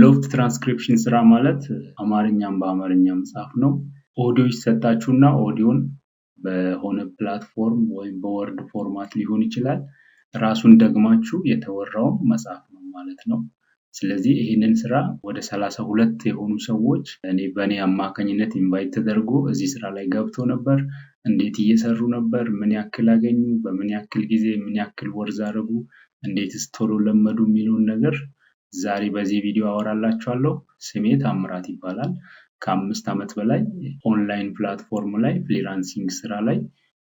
ሎፍት ትራንስክሪፕሽን ስራ ማለት አማርኛም በአማርኛ መጽሐፍ ነው። ኦዲዮ ይሰጣችሁ እና ኦዲዮን በሆነ ፕላትፎርም ወይም በወርድ ፎርማት ሊሆን ይችላል ራሱን ደግማችሁ የተወራውን መጽሐፍ ነው ማለት ነው። ስለዚህ ይህንን ስራ ወደ ሰላሳ ሁለት የሆኑ ሰዎች እኔ በእኔ አማካኝነት ኢንቫይት ተደርጎ እዚህ ስራ ላይ ገብቶ ነበር። እንዴት እየሰሩ ነበር? ምን ያክል አገኙ? በምን ያክል ጊዜ ምን ያክል ወርዝ አረጉ እንዴትስ ቶሎ ለመዱ? የሚለውን ነገር ዛሬ በዚህ ቪዲዮ አወራላችኋለሁ። ስሜ ታምራት ይባላል። ከአምስት ዓመት በላይ ኦንላይን ፕላትፎርም ላይ ፍሪላንሲንግ ስራ ላይ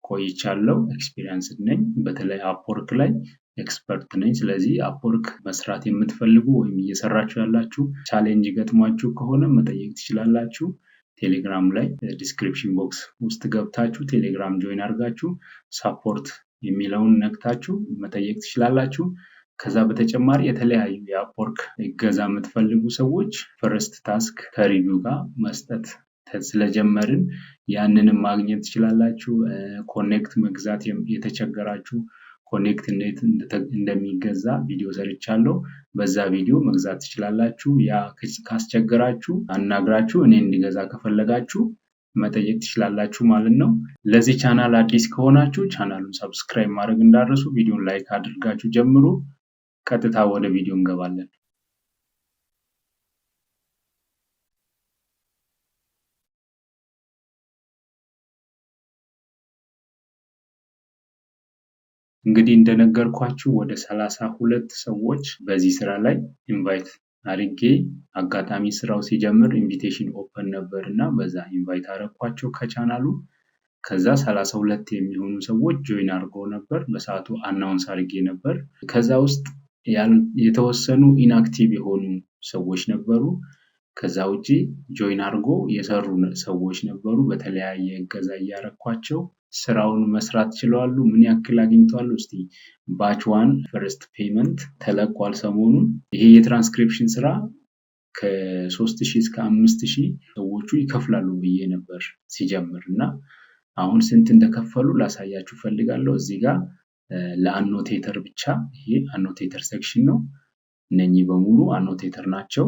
ቆይቻለሁ። ኤክስፒሪየንስ ነኝ። በተለይ አፕወርክ ላይ ኤክስፐርት ነኝ። ስለዚህ አፕወርክ መስራት የምትፈልጉ ወይም እየሰራችሁ ያላችሁ ቻሌንጅ ገጥሟችሁ ከሆነ መጠየቅ ትችላላችሁ። ቴሌግራም ላይ ዲስክሪፕሽን ቦክስ ውስጥ ገብታችሁ ቴሌግራም ጆይን አድርጋችሁ ሳፖርት የሚለውን ነክታችሁ መጠየቅ ትችላላችሁ። ከዛ በተጨማሪ የተለያዩ የአፕወርክ እገዛ የምትፈልጉ ሰዎች ፈርስት ታስክ ከሪቪው ጋር መስጠት ስለጀመርን ያንንም ማግኘት ትችላላችሁ። ኮኔክት መግዛት የተቸገራችሁ ኮኔክት እንዴት እንደሚገዛ ቪዲዮ ሰርቻለሁ። በዛ ቪዲዮ መግዛት ትችላላችሁ። ያ ካስቸገራችሁ አናግራችሁ እኔ እንዲገዛ ከፈለጋችሁ መጠየቅ ትችላላችሁ ማለት ነው። ለዚህ ቻናል አዲስ ከሆናችሁ ቻናሉን ሰብስክራይብ ማድረግ እንዳረሱ፣ ቪዲዮን ላይክ አድርጋችሁ ጀምሩ። ቀጥታ ወደ ቪዲዮ እንገባለን። እንግዲህ እንደነገርኳችሁ ወደ ሰላሳ ሁለት ሰዎች በዚህ ስራ ላይ ኢንቫይት አርጌ አጋጣሚ ስራው ሲጀምር ኢንቪቴሽን ኦፐን ነበር እና በዛ ኢንቫይት አረኳቸው ከቻናሉ። ከዛ ሰላሳ ሁለት የሚሆኑ ሰዎች ጆይን አድርገው ነበር። በሰዓቱ አናውንስ አርጌ ነበር ከዛ ውስጥ የተወሰኑ ኢንአክቲቭ የሆኑ ሰዎች ነበሩ። ከዛ ውጪ ጆይን አድርጎ የሰሩ ሰዎች ነበሩ። በተለያየ እገዛ እያረኳቸው ስራውን መስራት ችለዋሉ። ምን ያክል አግኝተዋል? እስቲ ባች ዋን ፈርስት ፔመንት ተለቋል ሰሞኑን። ይሄ የትራንስክሪፕሽን ስራ ከሶስት ሺህ እስከ አምስት ሺህ ሰዎቹ ይከፍላሉ ብዬ ነበር ሲጀምር እና አሁን ስንት እንደከፈሉ ላሳያችሁ ፈልጋለሁ እዚህ ጋር ለአኖቴተር ብቻ ይሄ አኖቴተር ሴክሽን ነው። እነኚህ በሙሉ አኖቴተር ናቸው።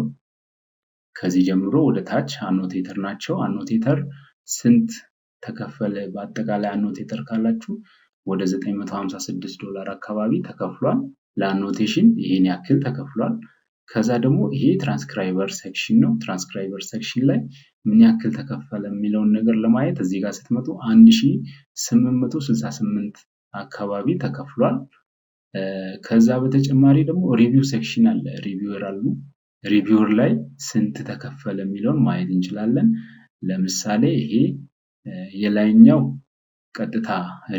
ከዚህ ጀምሮ ወደ ታች አኖቴተር ናቸው። አኖቴተር ስንት ተከፈለ? በአጠቃላይ አኖቴተር ካላችሁ ወደ 956 ዶላር አካባቢ ተከፍሏል። ለአኖቴሽን ይህን ያክል ተከፍሏል። ከዛ ደግሞ ይሄ ትራንስክራይበር ሴክሽን ነው። ትራንስክራይበር ሴክሽን ላይ ምን ያክል ተከፈለ የሚለውን ነገር ለማየት እዚህ ጋር ስትመጡ 1868 አካባቢ ተከፍሏል። ከዛ በተጨማሪ ደግሞ ሪቪው ሴክሽን አለ። ሪቪውር አሉ። ሪቪውር ላይ ስንት ተከፈለ የሚለውን ማየት እንችላለን። ለምሳሌ ይሄ የላይኛው ቀጥታ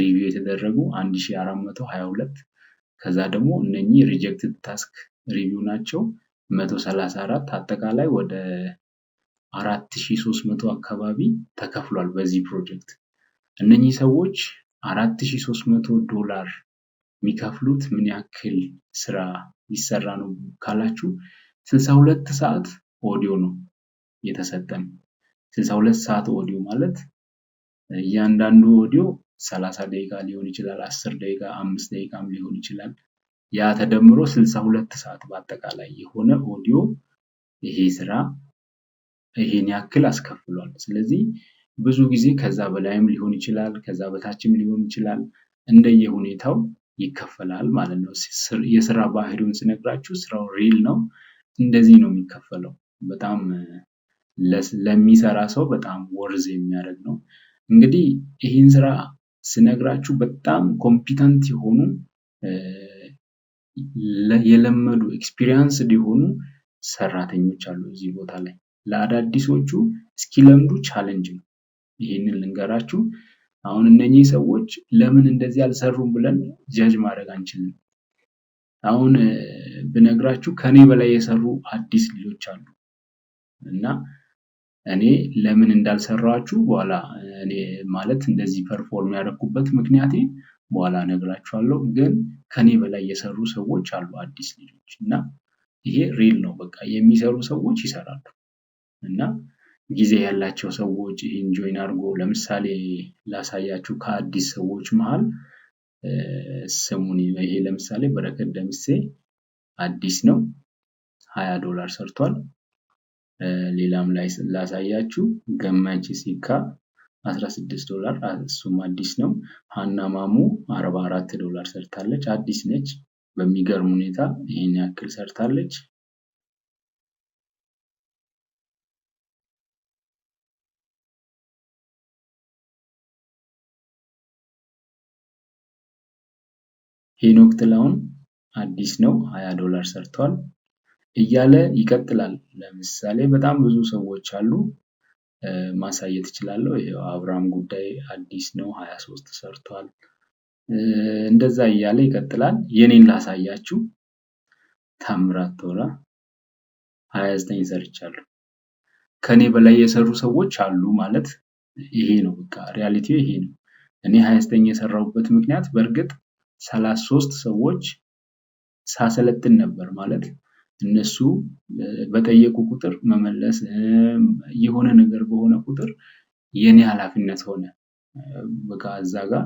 ሪቪው የተደረጉ 1422 ከዛ ደግሞ እነኚህ ሪጀክትድ ታስክ ሪቪው ናቸው 134 አጠቃላይ ወደ 4300 አካባቢ ተከፍሏል በዚህ ፕሮጀክት እነኚህ ሰዎች 4300 ዶላር የሚከፍሉት ምን ያክል ስራ ቢሰራ ነው ካላችሁ 62 ሰዓት ኦዲዮ ነው የተሰጠን። 62 ሰዓት ኦዲዮ ማለት እያንዳንዱ ኦዲዮ 30 ደቂቃ ሊሆን ይችላል፣ 10 ደቂቃ፣ 5 ደቂቃም ሊሆን ይችላል። ያ ተደምሮ 62 ሰዓት በአጠቃላይ የሆነ ኦዲዮ ይሄ ስራ ይሄን ያክል አስከፍሏል። ስለዚህ ብዙ ጊዜ ከዛ በላይም ሊሆን ይችላል ከዛ በታችም ሊሆን ይችላል እንደየሁኔታው ይከፈላል ማለት ነው። የስራ ባህሪውን ስነግራችሁ ስራው ሪል ነው። እንደዚህ ነው የሚከፈለው። በጣም ለሚሰራ ሰው በጣም ወርዝ የሚያደርግ ነው። እንግዲህ ይህን ስራ ስነግራችሁ በጣም ኮምፒተንት የሆኑ የለመዱ ኤክስፒሪያንስድ የሆኑ ሰራተኞች አሉ እዚህ ቦታ ላይ ለአዳዲሶቹ እስኪለምዱ ቻለንጅ ነው። ይህንን ልንገራችሁ። አሁን እነኚህ ሰዎች ለምን እንደዚህ አልሰሩም ብለን ጀጅ ማድረግ አንችልም። አሁን ብነግራችሁ ከኔ በላይ የሰሩ አዲስ ልጆች አሉ እና እኔ ለምን እንዳልሰራችሁ በኋላ እኔ ማለት እንደዚህ ፐርፎርም ያደረኩበት ምክንያቴ በኋላ እነግራችኋለሁ። ግን ከኔ በላይ የሰሩ ሰዎች አሉ አዲስ ልጆች እና ይሄ ሪል ነው። በቃ የሚሰሩ ሰዎች ይሰራሉ እና ጊዜ ያላቸው ሰዎች ይህን ጆይን አድርጎ ለምሳሌ ላሳያችሁ ከአዲስ ሰዎች መሃል ስሙን ይሄ ለምሳሌ በረከት ደምሴ አዲስ ነው፣ ሀያ ዶላር ሰርቷል። ሌላም ላይ ላሳያችሁ ገመች ሲካ 16 ዶላር እሱም አዲስ ነው። ሀና ማሙ 44 ዶላር ሰርታለች፣ አዲስ ነች። በሚገርም ሁኔታ ይህን ያክል ሰርታለች። ሄኖክ ጥላሁን አዲስ ነው 20 ዶላር ሰርቷል እያለ ይቀጥላል። ለምሳሌ በጣም ብዙ ሰዎች አሉ ማሳየት እችላለሁ። ይሄው አብርሃም ጉዳይ አዲስ ነው 23 ሰርቷል። እንደዛ እያለ ይቀጥላል። የኔን ላሳያችሁ። ታምራት ቶላ 29 ሰርቻለሁ። ከኔ በላይ የሰሩ ሰዎች አሉ ማለት ይሄ ነው። በቃ ሪያሊቲው ይሄ ነው። እኔ 29 የሰራሁበት ምክንያት በእርግጥ ሰላሳ ሶስት ሰዎች ሳሰለጥን ነበር ማለት እነሱ በጠየቁ ቁጥር መመለስ የሆነ ነገር በሆነ ቁጥር የኔ ኃላፊነት ሆነ። በቃ እዛ ጋር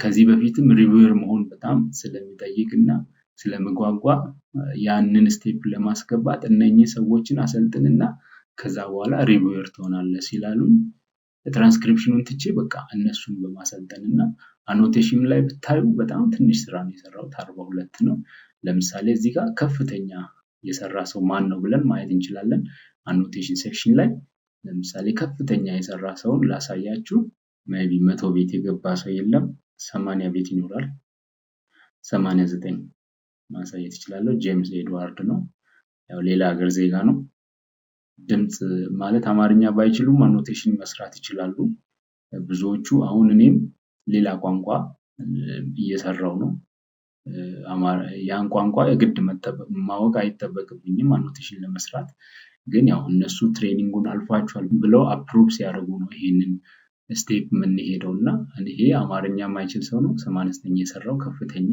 ከዚህ በፊትም ሪቪር መሆን በጣም ስለሚጠይቅ እና ስለምጓጓ ያንን ስቴፕ ለማስገባት እነኚህ ሰዎችን አሰልጥንና ከዛ በኋላ ሪቪር ትሆናለ ሲላሉኝ ትራንስክሪፕሽኑን ትቼ በቃ እነሱን በማሰልጠን እና አኖቴሽን ላይ ብታዩ በጣም ትንሽ ስራ ነው የሰራሁት አርባ ሁለት ነው። ለምሳሌ እዚህ ጋር ከፍተኛ የሰራ ሰው ማን ነው ብለን ማየት እንችላለን። አኖቴሽን ሴክሽን ላይ ለምሳሌ ከፍተኛ የሰራ ሰውን ላሳያችሁ። ቢ መቶ ቤት የገባ ሰው የለም። ሰማንያ ቤት ይኖራል። ሰማንያ ዘጠኝ ማሳየት ይችላለሁ። ጄምስ ኤድዋርድ ነው። ያው ሌላ ሀገር ዜጋ ነው። ድምፅ ማለት አማርኛ ባይችሉም አኖቴሽን መስራት ይችላሉ ብዙዎቹ አሁን እኔም ሌላ ቋንቋ እየሰራው ነው። ያን ቋንቋ የግድ ማወቅ አይጠበቅብኝም አኖቴሽን ለመስራት። ግን ያው እነሱ ትሬኒንጉን አልፏቸዋል ብለው አፕሩቭ ሲያደርጉ ነው ይሄንን ስቴፕ የምንሄደው እና ይሄ አማርኛ የማይችል ሰው ነው ስም አነስተኛ የሰራው ከፍተኛ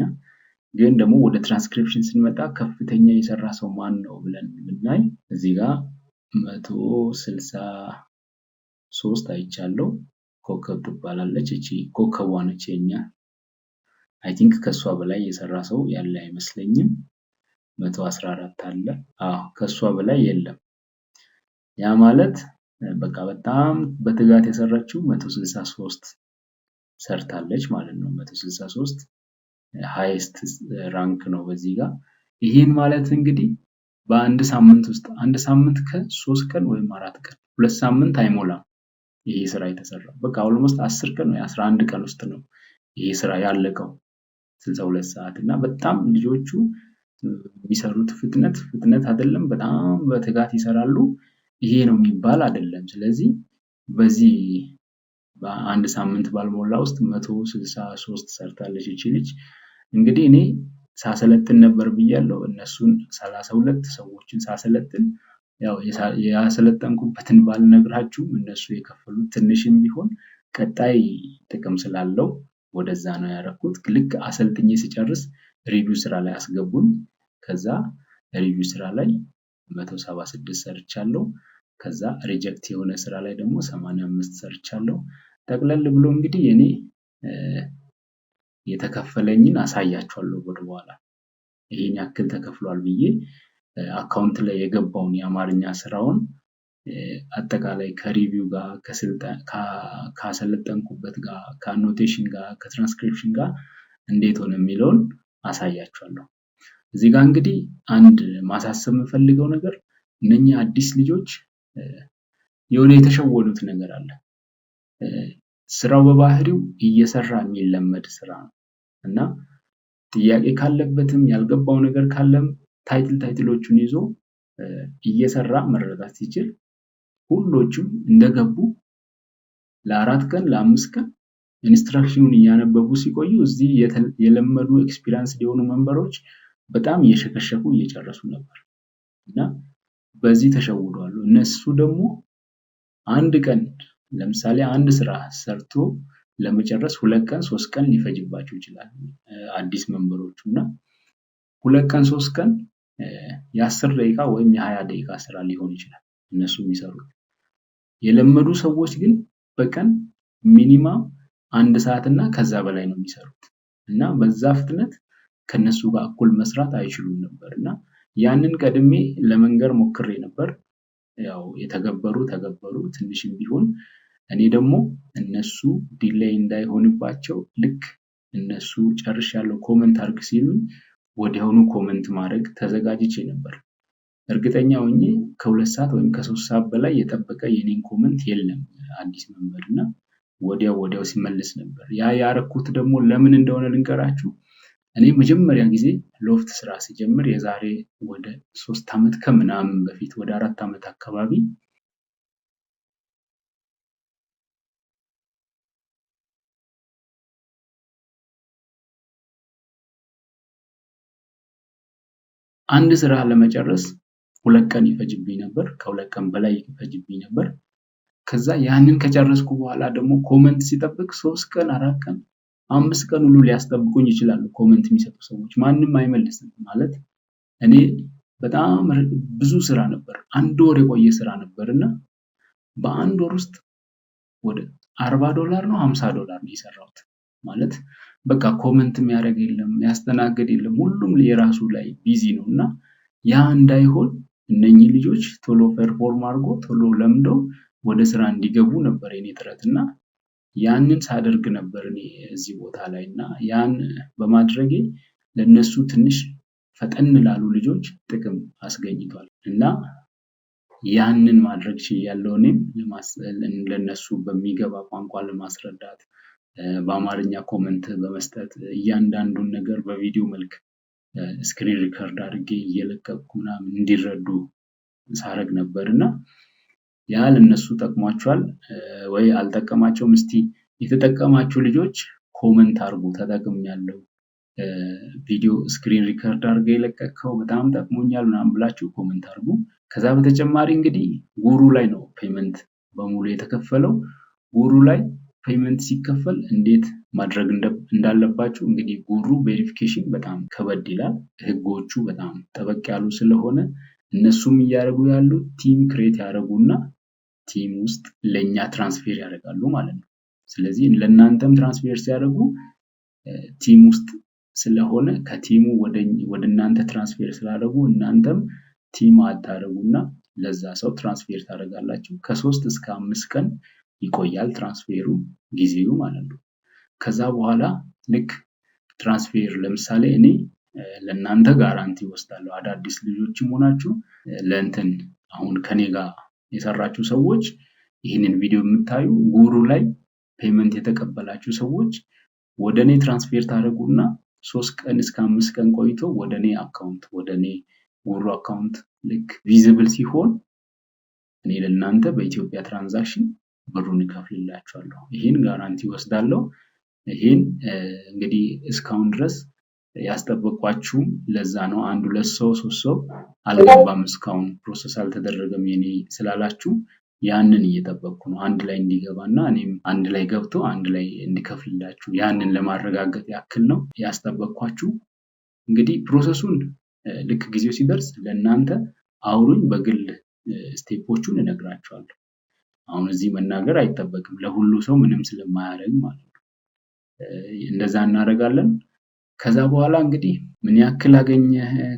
ግን ደግሞ ወደ ትራንስክሪፕሽን ስንመጣ ከፍተኛ የሰራ ሰው ማን ነው ብለን ብናይ እዚህ ጋር መቶ ስልሳ ሶስት አይቻለው ኮከብ ትባላለች። እቺ ኮከቧ ነች የኛ አይ ቲንክ ከእሷ በላይ የሰራ ሰው ያለ አይመስለኝም። መቶ አስራ አራት አለ። አዎ ከእሷ በላይ የለም። ያ ማለት በቃ በጣም በትጋት የሰራችው መቶ ስልሳ ሶስት ሰርታለች ማለት ነው። መቶ ስልሳ ሶስት ሃይስት ራንክ ነው በዚህ ጋር። ይህን ማለት እንግዲህ በአንድ ሳምንት ውስጥ አንድ ሳምንት ከሶስት ቀን ወይም አራት ቀን ሁለት ሳምንት አይሞላም ይሄ ስራ የተሰራው። በቃ ኦልሞስት አስር ቀን ወይ አስራ አንድ ቀን ውስጥ ነው ይሄ ስራ ያለቀው ስልሳ ሁለት ሰዓት እና በጣም ልጆቹ የሚሰሩት ፍጥነት ፍጥነት አይደለም። በጣም በትጋት ይሰራሉ። ይሄ ነው የሚባል አይደለም። ስለዚህ በዚህ በአንድ ሳምንት ባልሞላ ውስጥ መቶ ስልሳ ሶስት ሰርታለች ይቺ ልጅ። እንግዲህ እኔ ሳሰለጥን ነበር ብያለሁ። እነሱን ሰላሳ ሁለት ሰዎችን ሳሰለጥን ያው ያሰለጠንኩበትን ባልነግራችሁም እነሱ የከፈሉት ትንሽም ቢሆን ቀጣይ ጥቅም ስላለው ወደዛ ነው ያደረኩት። ልክ አሰልጥኜ ስጨርስ ሪቪው ስራ ላይ አስገቡኝ። ከዛ ሪቪው ስራ ላይ 176 ሰርቻለሁ። ከዛ ሪጀክት የሆነ ስራ ላይ ደግሞ 85 ሰርቻለሁ። ጠቅለል ብሎ እንግዲህ እኔ የተከፈለኝን አሳያችኋለሁ ወደ በኋላ ይሄን ያክል ተከፍሏል ብዬ አካውንት ላይ የገባውን የአማርኛ ስራውን አጠቃላይ ከሪቪው ጋር ካሰለጠንኩበት ጋር ከአኖቴሽን ጋር ከትራንስክሪፕሽን ጋር እንዴት ሆነ የሚለውን አሳያችኋለሁ። እዚህ ጋር እንግዲህ አንድ ማሳሰብ የምፈልገው ነገር እነኚህ አዲስ ልጆች የሆነ የተሸወኑት ነገር አለ። ስራው በባህሪው እየሰራ የሚለመድ ስራ ነው እና ጥያቄ ካለበትም ያልገባው ነገር ካለም ታይትል ታይትሎቹን ይዞ እየሰራ መረዳት ሲችል ሁሎቹም እንደገቡ ለአራት ቀን ለአምስት ቀን ኢንስትራክሽኑን እያነበቡ ሲቆዩ እዚህ የለመዱ ኤክስፒሪንስ የሆኑ መንበሮች በጣም እየሸከሸኩ እየጨረሱ ነበር እና በዚህ ተሸውደዋል። እነሱ ደግሞ አንድ ቀን ለምሳሌ አንድ ስራ ሰርቶ ለመጨረስ ሁለት ቀን ሶስት ቀን ሊፈጅባቸው ይችላል አዲስ መንበሮቹ እና ሁለት ቀን ሶስት ቀን የአስር ደቂቃ ወይም የሀያ ደቂቃ ስራ ሊሆን ይችላል እነሱ የሚሰሩት። የለመዱ ሰዎች ግን በቀን ሚኒማም አንድ ሰዓት እና ከዛ በላይ ነው የሚሰሩት እና በዛ ፍጥነት ከነሱ ጋር እኩል መስራት አይችሉም ነበር እና ያንን ቀድሜ ለመንገር ሞክሬ ነበር። ያው የተገበሩ ተገበሩ ትንሽም ቢሆን እኔ ደግሞ እነሱ ዲሌይ እንዳይሆንባቸው ልክ እነሱ ጨርሻለሁ ኮመንት አርግ ሲሉኝ ወዲያውኑ ኮመንት ማድረግ ተዘጋጅቼ ነበር። እርግጠኛ ሆኜ ከሁለት ሰዓት ወይም ከሶስት ሰዓት በላይ የጠበቀ የኔን ኮመንት የለም አዲስ መምህር እና ወዲያው ወዲያው ሲመልስ ነበር። ያ ያረኩት ደግሞ ለምን እንደሆነ ልንገራችሁ። እኔ መጀመሪያ ጊዜ ሎፍት ስራ ሲጀምር የዛሬ ወደ ሶስት ዓመት ከምናምን በፊት ወደ አራት ዓመት አካባቢ አንድ ስራ ለመጨረስ ሁለት ቀን ይፈጅብኝ ነበር። ከሁለት ቀን በላይ ይፈጅብኝ ነበር። ከዛ ያንን ከጨረስኩ በኋላ ደግሞ ኮመንት ሲጠብቅ ሶስት ቀን አራት ቀን አምስት ቀን ሁሉ ሊያስጠብቁኝ ይችላሉ። ኮመንት የሚሰጡ ሰዎች ማንም አይመልስም ማለት እኔ በጣም ብዙ ስራ ነበር። አንድ ወር የቆየ ስራ ነበር እና በአንድ ወር ውስጥ ወደ አርባ ዶላር ነው ሀምሳ ዶላር ነው የሰራሁት ማለት በቃ ኮመንት የሚያደርግ የለም የሚያስተናግድ የለም። ሁሉም የራሱ ላይ ቢዚ ነው እና ያ እንዳይሆን እነኚህ ልጆች ቶሎ ፐርፎርም አድርጎ ቶሎ ለምደው ወደ ስራ እንዲገቡ ነበር የኔ ጥረት እና ያንን ሳደርግ ነበር እኔ እዚህ ቦታ ላይ እና ያን በማድረጌ ለእነሱ ትንሽ ፈጠን ላሉ ልጆች ጥቅም አስገኝቷል እና ያንን ማድረግ ችያለሁ እኔም ለእነሱ በሚገባ ቋንቋ ለማስረዳት በአማርኛ ኮመንት በመስጠት እያንዳንዱን ነገር በቪዲዮ መልክ ስክሪን ሪከርድ አድርጌ እየለቀቅኩ ምናምን እንዲረዱ ሳረግ ነበር እና ያህል እነሱ ጠቅሟቸዋል ወይ አልጠቀማቸውም? እስቲ የተጠቀማችሁ ልጆች ኮመንት አድርጉ። ተጠቅም ያለው ቪዲዮ ስክሪን ሪከርድ አድርገ የለቀቅከው በጣም ጠቅሞኛል ምናምን ብላችሁ ኮመንት አድርጉ። ከዛ በተጨማሪ እንግዲህ ጉሩ ላይ ነው ፔመንት በሙሉ የተከፈለው ጉሩ ላይ ፔይመንት ሲከፈል እንዴት ማድረግ እንዳለባችሁ እንግዲህ ጉሩ ቬሪፊኬሽን በጣም ከበድ ይላል። ህጎቹ በጣም ጠበቅ ያሉ ስለሆነ እነሱም እያደረጉ ያሉ ቲም ክሬት ያደረጉና ቲም ውስጥ ለእኛ ትራንስፌር ያደርጋሉ ማለት ነው። ስለዚህ ለእናንተም ትራንስፌር ሲያደርጉ ቲም ውስጥ ስለሆነ ከቲሙ ወደ እናንተ ትራንስፌር ስላደረጉ እናንተም ቲም አታደርጉና ለዛ ሰው ትራንስፌር ታደርጋላችሁ። ከሶስት እስከ አምስት ቀን ይቆያል ትራንስፌሩ ጊዜው ማለት ነው። ከዛ በኋላ ልክ ትራንስፌር ለምሳሌ እኔ ለእናንተ ጋራንቲ ወስዳለሁ። አዳዲስ ልጆችም ሆናችሁ ለእንትን አሁን ከኔ ጋር የሰራችሁ ሰዎች ይህንን ቪዲዮ የምታዩ ጉሩ ላይ ፔመንት የተቀበላችሁ ሰዎች ወደ እኔ ትራንስፌር ታደርጉና ሶስት ቀን እስከ አምስት ቀን ቆይቶ ወደ እኔ አካውንት ወደ እኔ ጉሩ አካውንት ልክ ቪዚብል ሲሆን እኔ ለእናንተ በኢትዮጵያ ትራንዛክሽን ብሩን እከፍልላችኋለሁ ይህን ጋራንቲ እወስዳለሁ። ይህን እንግዲህ እስካሁን ድረስ ያስጠበቅኳችሁም ለዛ ነው። አንድ ሁለት ሰው ሶስት ሰው አልገባም እስካሁን ፕሮሰስ አልተደረገም የኔ ስላላችሁ ያንን እየጠበቅኩ ነው። አንድ ላይ እንዲገባ እና እኔም አንድ ላይ ገብቶ አንድ ላይ እንዲከፍልላችሁ ያንን ለማረጋገጥ ያክል ነው ያስጠበቅኳችሁ። እንግዲህ ፕሮሰሱን ልክ ጊዜው ሲደርስ ለእናንተ አውሩኝ፣ በግል ስቴፖቹን እነግራችኋለሁ። አሁን እዚህ መናገር አይጠበቅም ለሁሉ ሰው ምንም ስለማያደርግ ማለት ነው። እንደዛ እናደርጋለን። ከዛ በኋላ እንግዲህ ምን ያክል አገኘ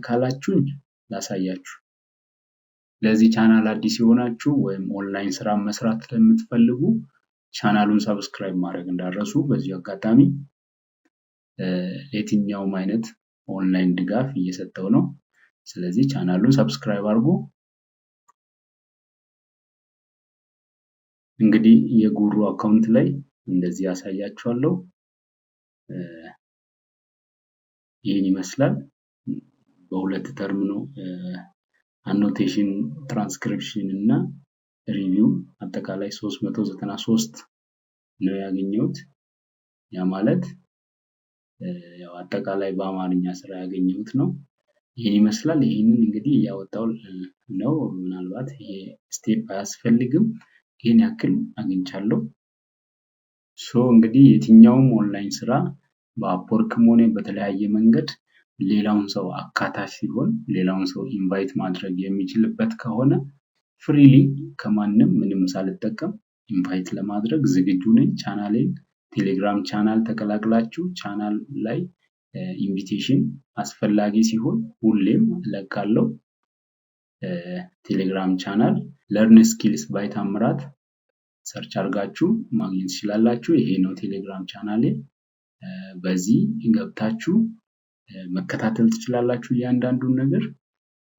ካላችሁኝ ላሳያችሁ። ለዚህ ቻናል አዲስ የሆናችሁ ወይም ኦንላይን ስራ መስራት ለምትፈልጉ ቻናሉን ሰብስክራይብ ማድረግ እንዳረሱ በዚሁ አጋጣሚ የትኛውም አይነት ኦንላይን ድጋፍ እየሰጠው ነው። ስለዚህ ቻናሉን ሰብስክራይብ አድርጉ? እንግዲህ የጉሩ አካውንት ላይ እንደዚህ ያሳያችኋለሁ ይህን ይመስላል። በሁለት ተርም ነው አኖቴሽን፣ ትራንስክሪፕሽን እና ሪቪው አጠቃላይ 393 ነው ያገኘሁት። ያ ማለት ያው አጠቃላይ በአማርኛ ስራ ያገኘሁት ነው። ይህን ይመስላል። ይህንን እንግዲህ እያወጣው ነው። ምናልባት ይሄ ስቴፕ አያስፈልግም። ይህን ያክል አግኝቻለሁ። ሶ እንግዲህ የትኛውም ኦንላይን ስራ በአፖርክም ሆነ በተለያየ መንገድ ሌላውን ሰው አካታች ሲሆን ሌላውን ሰው ኢንቫይት ማድረግ የሚችልበት ከሆነ ፍሪሊ ከማንም ምንም ሳልጠቀም ኢንቫይት ለማድረግ ዝግጁ ነኝ። ቻናሌን ቴሌግራም ቻናል ተቀላቅላችሁ ቻናል ላይ ኢንቪቴሽን አስፈላጊ ሲሆን ሁሌም እለቃለሁ ቴሌግራም ቻናል ለርን ስኪልስ ባይ ታምራት ሰርች አድርጋችሁ ማግኘት ትችላላችሁ። ይሄ ነው ቴሌግራም ቻናሌ። በዚህ ገብታችሁ መከታተል ትችላላችሁ። እያንዳንዱን ነገር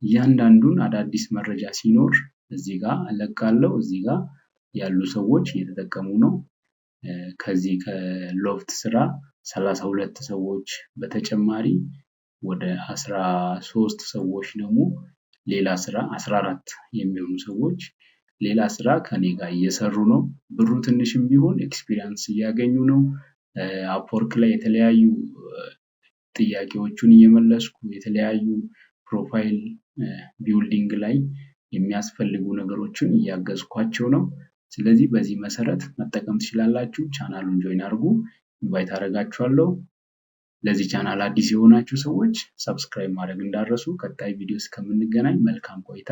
እያንዳንዱን አዳዲስ መረጃ ሲኖር እዚህ ጋር እለቃለሁ። እዚህ ጋር ያሉ ሰዎች እየተጠቀሙ ነው። ከዚህ ከሎፍት ስራ ሰላሳ ሁለት ሰዎች በተጨማሪ ወደ አስራ ሶስት ሰዎች ደግሞ ሌላ ስራ አስራ አራት የሚሆኑ ሰዎች ሌላ ስራ ከኔ ጋር እየሰሩ ነው። ብሩ ትንሽም ቢሆን ኤክስፒሪንስ እያገኙ ነው። አፕወርክ ላይ የተለያዩ ጥያቄዎቹን እየመለስኩ የተለያዩ ፕሮፋይል ቢውልዲንግ ላይ የሚያስፈልጉ ነገሮችን እያገዝኳቸው ነው። ስለዚህ በዚህ መሰረት መጠቀም ትችላላችሁ። ቻናሉን ጆይን አድርጉ። ኢንቫይት አደርጋችኋለሁ። ለዚህ ቻናል አዲስ የሆናችሁ ሰዎች ሰብስክራይብ ማድረግ እንዳረሱ። ቀጣይ ቪዲዮ እስከምንገናኝ መልካም ቆይታ።